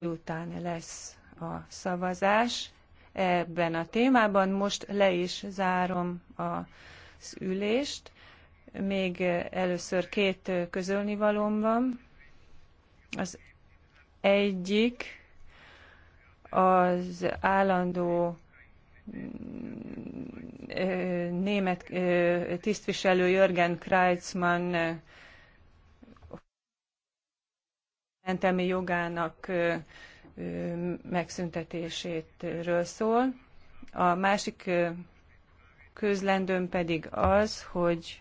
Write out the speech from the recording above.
délután lesz a szavazás ebben a témában. Most le is zárom az ülést. Még először két közölnivalóm van. Az egyik az állandó német tisztviselő Jörgen Kreitzmann mentelmi jogának megszüntetésétről szól. A másik közlendőm pedig az, hogy